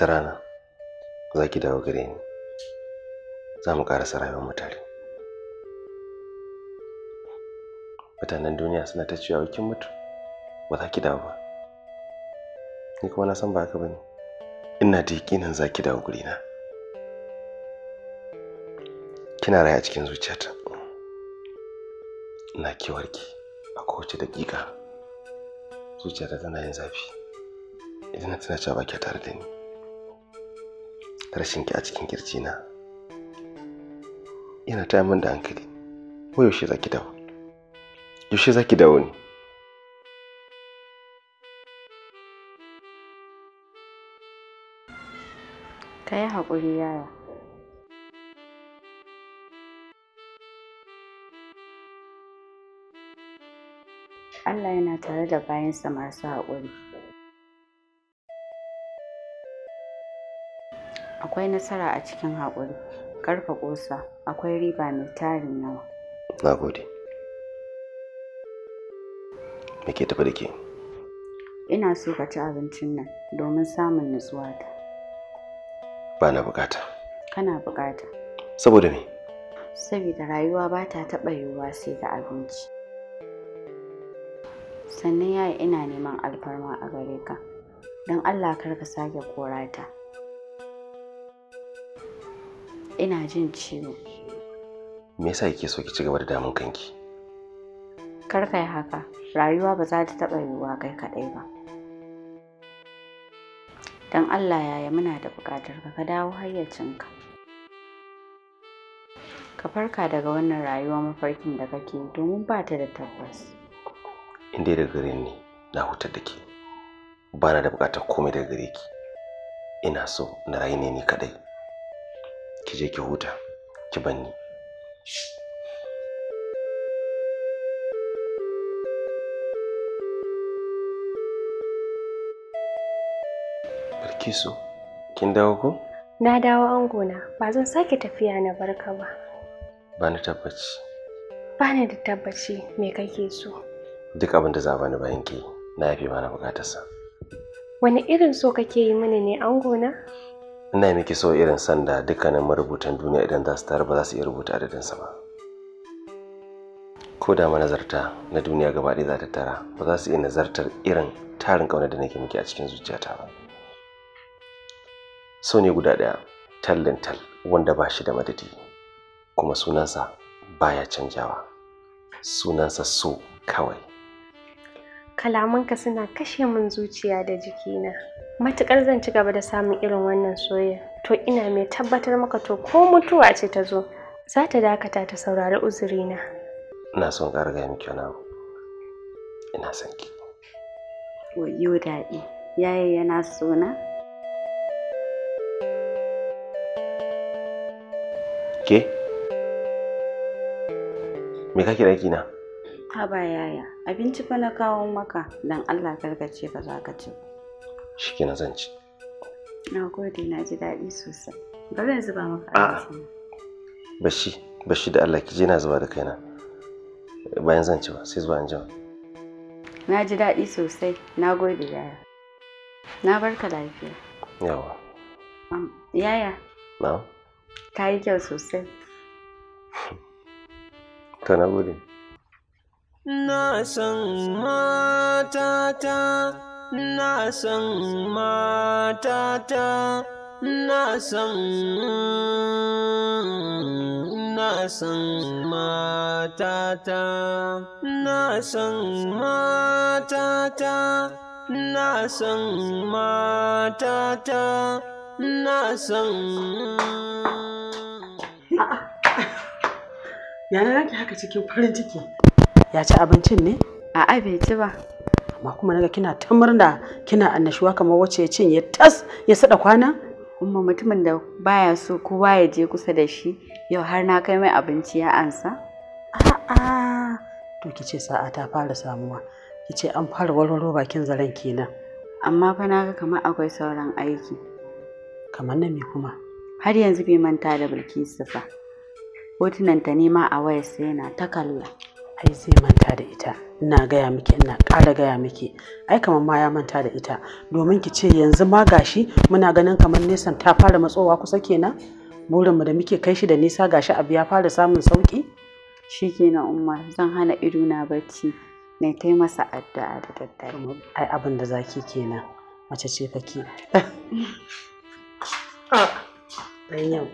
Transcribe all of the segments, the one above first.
wata rana za ki dawo gare ni za mu ƙarasa rayuwar mu tare mutanen duniya suna ta cewa kin mutu ba za ki dawo ba ni kuma na san ba haka ba ne ina da yakinin za ki dawo gurina kina raya a cikin zuciyata ina kewarki a kowace daƙiƙa zuciyata tana yin zafi idan na tana cewa ba tare da ni rashinki a cikin kirjina yana ta min da hankali ko yaushe za ki dawo yaushe za ki dawo ne ka yi haƙuri yaya Allah yana tare da bayansa masu haƙuri akwai nasara a cikin haƙuri karfa ƙosa akwai riba mai tarin nawa. na gode me ke tafi da ke ina so ka ci abincin nan domin samun nutsuwa ta ba na bukata kana bukata saboda me saboda rayuwa ba ta taɓa yiwuwa sai da abinci sannan yayi ina neman alfarma a gare ka don allah kar ka sake korata ina jin ciwo me yasa kike so ki ci gaba da damun kanki kar kai haka rayuwa ba za ta taɓa yiwuwa kai kaɗai ba don allah yaya muna da buƙatar ka ka dawo hayyacinka ka farka daga wannan rayuwa mafarkin da kake domin ba ta da tabbas in dai da gare ni na hutar da ke ba na da buƙatar komai daga gare ki ina so na rayu ne ni kaɗai ki je ki huta ki banni Barkisu, kin dawo ko? Na dawo angona, ba zan sake tafiya na barka ba. Ba ni tabbaci. Ba ni da tabbaci me kake so. Duk abin da za bani bayan ke, na yafe mana bukatarsa. Wani irin so kake yi mini ne angona? ina miki so irin sanda dukkanin marubutan duniya idan za su taru ba za su iya rubuta adadinsa ba ko da manazarta na duniya gaba ɗaya za ta tara ba za su iya nazartar irin tarin ƙaunar da nake miki a cikin zuciyata ba so ne guda ɗaya tallin tal wanda ba shi da madadi kuma sunansa baya canjawa sunansa so kawai kalamanka suna kashe min zuciya da jikina Matukar zan ci gaba da samun irin wannan soyayya to ina mai tabbatar maka to ko mutuwa ce ta zo za ta dakata ta saurari uzurina ina son ƙarga miki wani abu ina son ki wayo daɗi yaye yana sona ke me kake ɗaki na haba yaya abinci fa na kawo maka dan allah karkace ba za ka ci shi na zan ci na gode na ji daɗi sosai bari zan zuba maka a'a bashi bashi da allah ki je na zuba da kaina bayan zan ci ba sai zuwa an jima na ji daɗi sosai na gode yaya na barka lafiya yawa yaya na ta yi kyau sosai Ta na gode na san matata na san matata na san na san matata na san matata na san matata na san Yana yake haka cikin farin ciki ya ci abincin ne a'a bai ci ba amma kuma naga kina ta murna kina annashuwa kamar wacce ya tas ya sada kwana umma mutumin da baya so kowa ya je kusa da shi yau har na kai mai abinci ya ansa a'a to kice sa'a ta fara samuwa kice an fara warwaro bakin zaren kenan amma fa naga kamar akwai sauran aiki kamar na me kuma har yanzu bai manta da bilkisu ba. hotunanta nema a wayarsa yana ta kalla ai zai manta da ita ina gaya miki ina ƙara gaya miki ai kamar ma ya manta da ita domin ki ce yanzu ma gashi muna ganin kamar nesan ta fara matsowa kusa kenan burinmu da muke kai shi da nisa gashi abu ya fara samun sauki kenan umma zan hana ido na bacci na kai masa addu'a da daddare ai abin da zaki kenan mace ce fake ki. Ah. ikon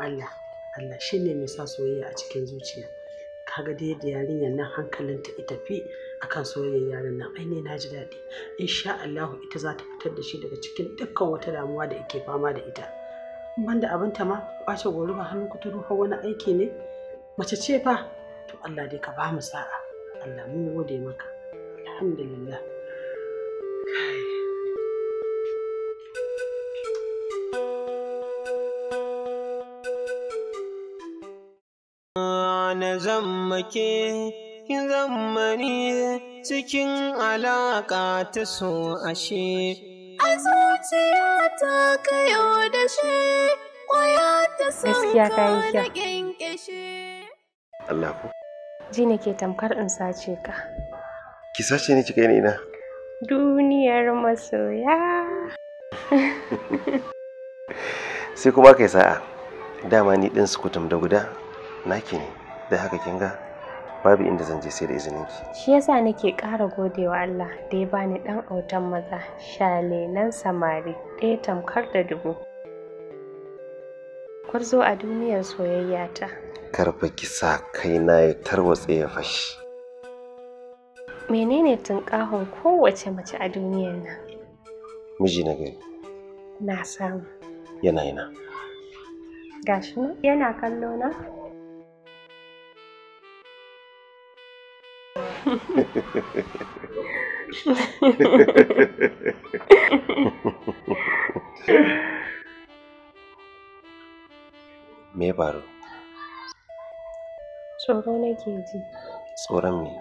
Allah Allah shine mai sa soyayya a cikin zuciya kaga dai da yarinyar nan hankalinta ya tafi akan soyayyar yaran nan ai ne na ji daɗi insha Allah ita za ta fitar da shi daga cikin dukkan wata damuwa da yake fama da ita Banda abin ta ma kwace goruba ba hannun kuturu wani aiki ne mace ce fa to Allah dai ka ba mu sa'a Allah mun gode maka alhamdulillah na zammake kin zammani cikin alaƙa ta so ashe. A zuciya ta kayo da shi, ƙwaya ta ka da ƙinƙishi. Allah ku. Ji ke tamkar in sace ka. Ki sace ni cikin ina? Duniyar masoya. Sai kuma kai sa'a, dama ni ɗin kutum da guda, naki ne. da haka kin ga babu inda zan je sai da izinin ki shi yasa nake ƙara godewa Allah da ya bani dan autan maza shale nan samari ɗaya tamkar da dubu kwarzo a duniyar soyayya ta karfa kisa kai na ya tarwatse ya fashi menene tunkahon kowace mace a duniyar nan miji na gari na samu yana yana gashi yana kallo na me faru tsoro nake ji tsoron me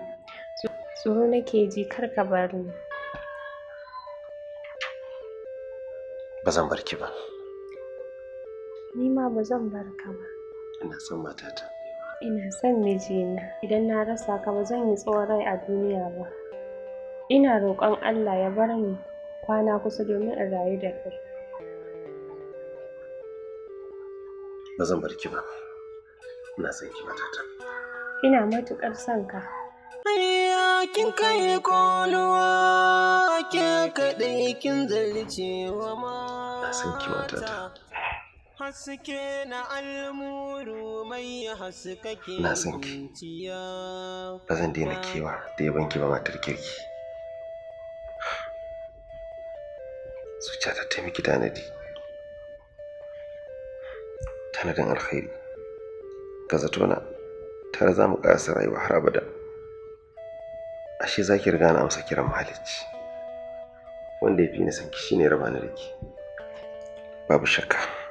tsoro nake ji kar ka bar ni ba zan bar ki ba ni ma ba zan bar ka ba ina son matata Ina son mijina. Idan na rasa ka ba zan yi tsawon rai a duniya ba. Ina roƙon Allah ya bar ni kwana kusa domin in rayu da kai. Ba zan bar ki ba. Ina son ki matata. Ina matuƙar son ka. kin kai konuwa ke kaɗai kin wa ma. Na san ki matata. haske na almuru mai na san ki ba zan daina kewa da yaban ki ba matar kirki zuciyata ta miki tanadi tanadin alkhairi zato na tare za mu ƙasa rayuwa har abada ashe za ki riga na amsa kiran mahalicci wanda ya fi ni san ki shine raba ni da babu shakka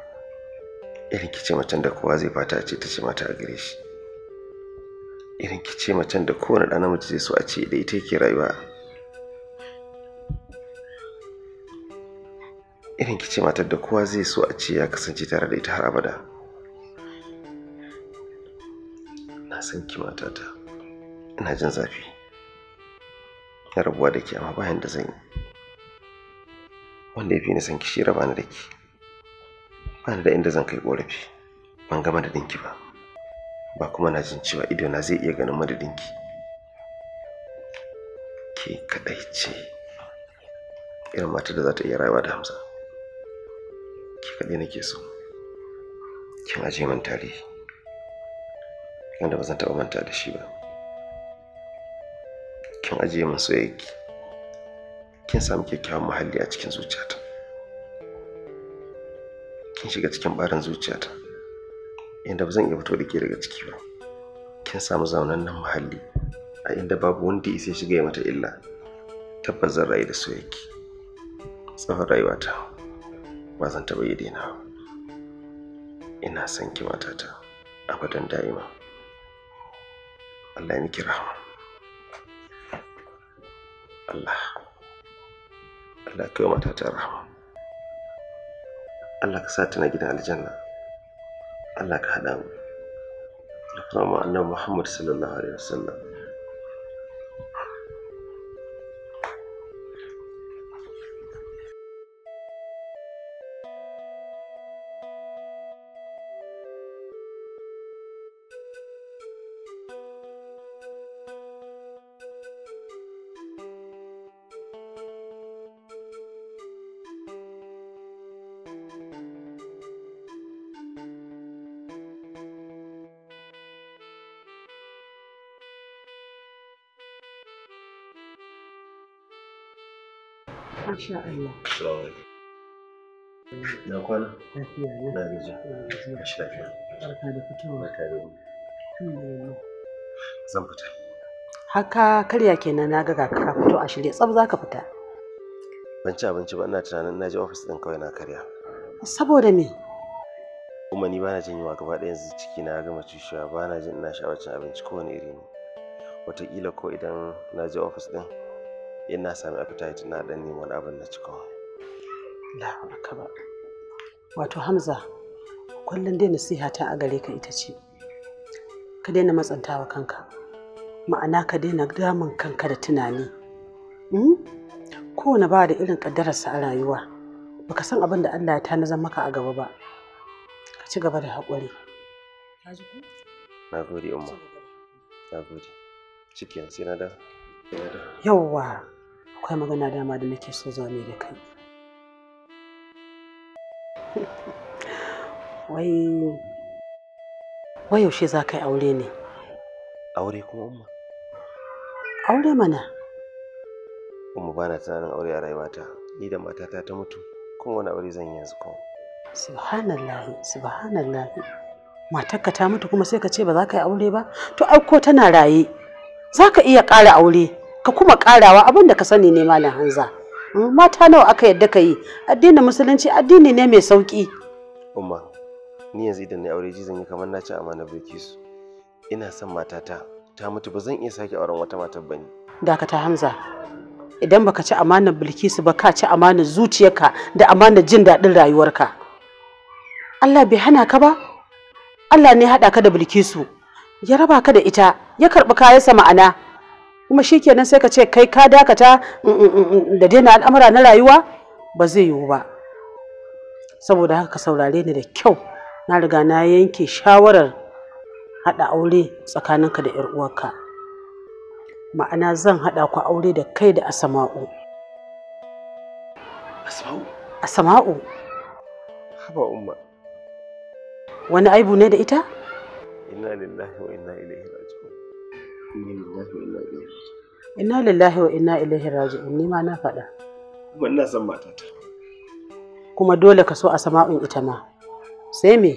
irin kice macen da kowa zai fata ce ta ce mata a gare shi irin kice macen da kowane ɗan namiji zai so a ce da ita yake rayuwa irin kice matar da kowa zai so a ce ya kasance tare da ita har abada na san ki matata ina jin zafi na rabuwa da ke amma bayan da zan yi wanda ya fi ni san ki shi raba ni da ke ba da inda zan kai korafi ban ga madadinki ba ba kuma na jin cewa na zai iya ganin madadinki ke kadai ce irin matar da za ta iya rayuwa da hamza ke kadai nake so kin aje man tarihi wanda ba zan taɓa manta da shi ba kin ajiye min soyayya kin samu kyakkyawan muhalli a cikin zuciyata kin shiga cikin barin zuciyata inda ba zan iya fito da ke daga ciki ba kin samu zaunannen muhalli a inda babu wanda ya sai shiga ya mata illa tabbas zan rayu da soyayya tsawon rayuwata ba zan taɓa yi daina ba ina son ki matata abadan da'ima Allah ya miki rahama Allah Allah kai matata rahama Allah ka sa tana gidan aljanna Allah ka haɗa mu da kuma annabi Muhammad sallallahu alaihi wasallam Insha Allah. Na kwana? Lafiya ne. Na gaji. Kashi lafiya. Barka da fitowa. Barka da wani. Zan fita. Haka karya kenan na ga ka fito a shirye tsaf za ka fita. Ban ci abinci ba ina tunanin na je ofis ɗin kawai na karya. Saboda me? Kuma ni bana jin yunwa gaba ɗaya yanzu ciki na gama cushewa bana jin ina sha'awar cin abinci kowane iri ne. Wataƙila ko idan na je ofis ɗin ina sami appetite na dan neman abin na cikawa la ba wato hamza kullun dai nasiha ta a gare ka ita ce ka daina matsantawa kanka ma'ana ka daina damun kanka da tunani hmm? kowane ba da irin ƙaddararsa a rayuwa baka san abin da Allah ya tanazar maka a gaba ba ka ci gaba da haƙuri na gode umma na gode cikin sai na da Yawwa, akwai magana dama da nake so zame da kai. Wai wai yaushe za ka yi aure ne? Aure kuma umma? Aure mana. Umma ba tunanin aure a rayuwata, ni da matata ta mutu, kuma wani aure zan yi yanzu Matarka ta mutu kuma sai ka ce ba za ka yi aure ba? To ai ko tana raye, za ka iya ƙara aure. ka kuma karawa abin da ka sani ne malam hanza hmm, mata nawa aka yadda ka yi addinin musulunci addini ne mai sauki umma ni yanzu idan na aure ji zan yi kamar na ci amana bilkisu ina son matata ta mutu ba zan iya sake auren wata matar bane ta hamza idan baka ci amanar bilkisu ba ka ci amanar zuciyarka da amanar jin daɗin rayuwarka Allah bai hana ka ba Allah ne haɗa ka da bilkisu ya raba ka da ita ya karɓi kayansa ma'ana kuma shikenan sai ka ce kai ka dakata mm, mm, mm, da daina al'amura na rayuwa ba zai yiwu ba saboda haka ka saurare ni da kyau na riga na yanke shawarar haɗa aure tsakaninka da 'yar uwarka ma'ana zan haɗa ku aure da kai da asama'u asama'u asama'u haba umma wani aibu ne da ita inna lillahi wa inna ilaihi raji'un Inna lillahi wa inna ilaihi raji'un ni ma na faɗa. Kuma ina son matata. Kuma dole ka so a sama'un ita ma. Sai me?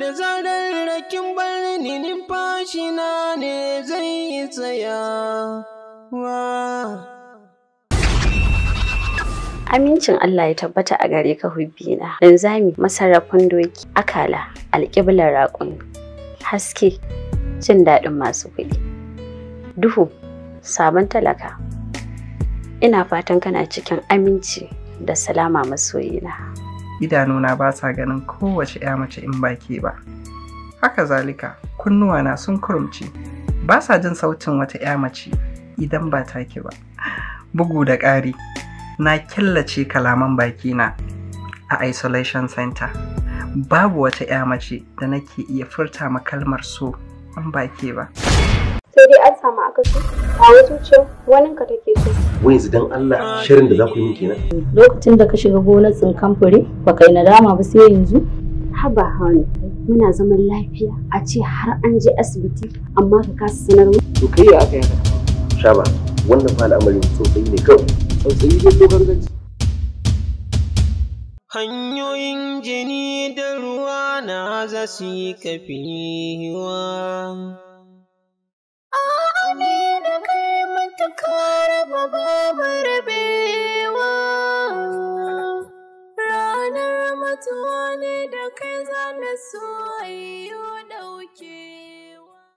Da zarar rakin barni numfashi na ne zai tsaya. Amincin Allah ya tabbata a gare ka hubbina, dan zami masarrafin doki, akala, alƙiblar raƙon. haske jin daɗin masu kuɗi duhu sabon talaka ina fatan kana cikin aminci da salama masoyina idanuna ba sa ganin kowace ya mace in baki ba haka zalika kunnuwana sun kurumci, ba sa jin sautin wata ya mace idan ba ta take ba bugu da ƙari na killace kalaman bakina a isolation center babu wata ya mace da nake iya furta makalmar kalmar so an ba ke ba sai dai an samu akasi a wasu ce wanin ka take so wai yanzu dan Allah shirin da za ku yi min na. lokacin da ka shiga gonar tsinkan fure ba kai nadama ba sai yanzu haba hawani muna zaman lafiya a ce har an je asibiti amma ka kasa sanar mu to kai ya aka yi haka shaba wannan fa al'amari sosai ne kawai Sosai ne ko gargajiya hanyoyin jini da ruwa na za su yi A Amina kai matuka raba babu rabewa, ranar mutuwa ne da kai zana so ayyo